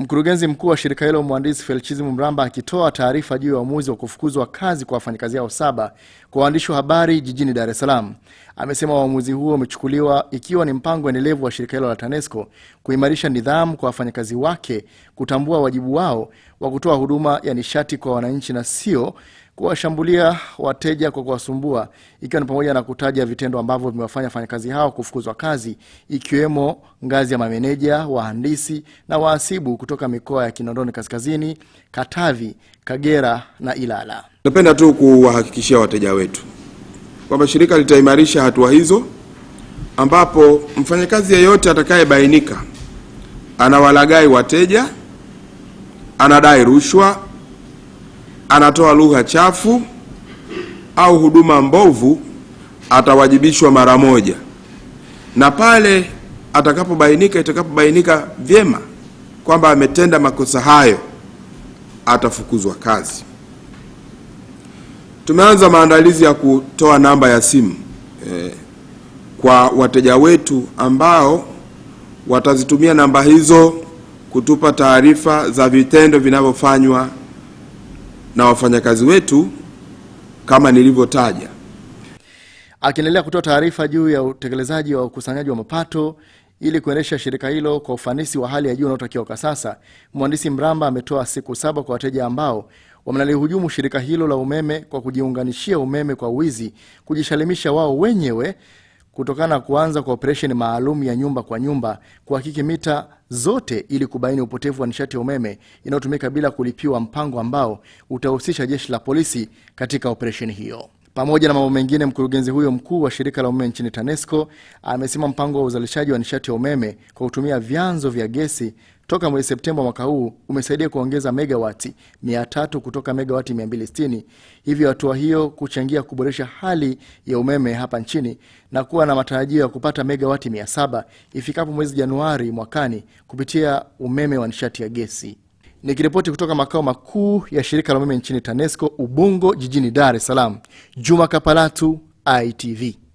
Mkurugenzi mkuu wa shirika hilo mhandisi Felchizi Mramba akitoa taarifa juu ya uamuzi wa kufukuzwa kazi kwa wafanyakazi hao saba kwa waandishi wa habari jijini Dar es Salaam amesema uamuzi huo umechukuliwa ikiwa ni mpango endelevu wa shirika hilo la TANESCO kuimarisha nidhamu kwa wafanyakazi wake, kutambua wajibu wao wa kutoa huduma ya nishati kwa wananchi na sio kuwashambulia wateja kwa kuwasumbua, ikiwa ni pamoja na kutaja vitendo ambavyo vimewafanya wafanyakazi hao kufukuzwa kazi, ikiwemo ngazi ya mameneja, wahandisi na wahasibu kutoka mikoa ya Kinondoni Kaskazini, Katavi, Kagera na Ilala. Napenda tu kuwahakikishia wateja wetu kwamba shirika litaimarisha hatua hizo, ambapo mfanyakazi yeyote atakayebainika anawalagai wateja, anadai rushwa anatoa lugha chafu au huduma mbovu atawajibishwa mara moja, na pale atakapobainika, itakapobainika vyema kwamba ametenda makosa hayo atafukuzwa kazi. Tumeanza maandalizi ya kutoa namba ya simu eh, kwa wateja wetu ambao watazitumia namba hizo kutupa taarifa za vitendo vinavyofanywa na wafanyakazi wetu kama nilivyotaja. Akiendelea kutoa taarifa juu ya utekelezaji wa ukusanyaji wa mapato ili kuendesha shirika hilo kwa ufanisi wa hali ya juu unaotakiwa kwa sasa, Mhandisi Mramba ametoa siku saba kwa wateja ambao wanalihujumu shirika hilo la umeme kwa kujiunganishia umeme kwa wizi, kujishalimisha wao wenyewe kutokana na kuanza kwa operesheni maalum ya nyumba kwa nyumba kuhakiki mita zote ili kubaini upotevu wa nishati ya umeme inayotumika bila kulipiwa, mpango ambao utahusisha jeshi la polisi katika operesheni hiyo. Pamoja na mambo mengine, mkurugenzi huyo mkuu wa shirika la umeme nchini TANESCO amesema mpango wa uzalishaji wa nishati ya umeme kwa kutumia vyanzo vya gesi toka mwezi Septemba mwaka huu umesaidia kuongeza megawati 300 kutoka megawati 260, hivyo hatua hiyo kuchangia kuboresha hali ya umeme hapa nchini na kuwa na matarajio ya kupata megawati 700 ifikapo mwezi Januari mwakani kupitia umeme wa nishati ya gesi. Nikiripoti kutoka makao makuu ya shirika la umeme nchini TANESCO Ubungo, jijini Dar es Salaam, Juma Kapalatu, ITV.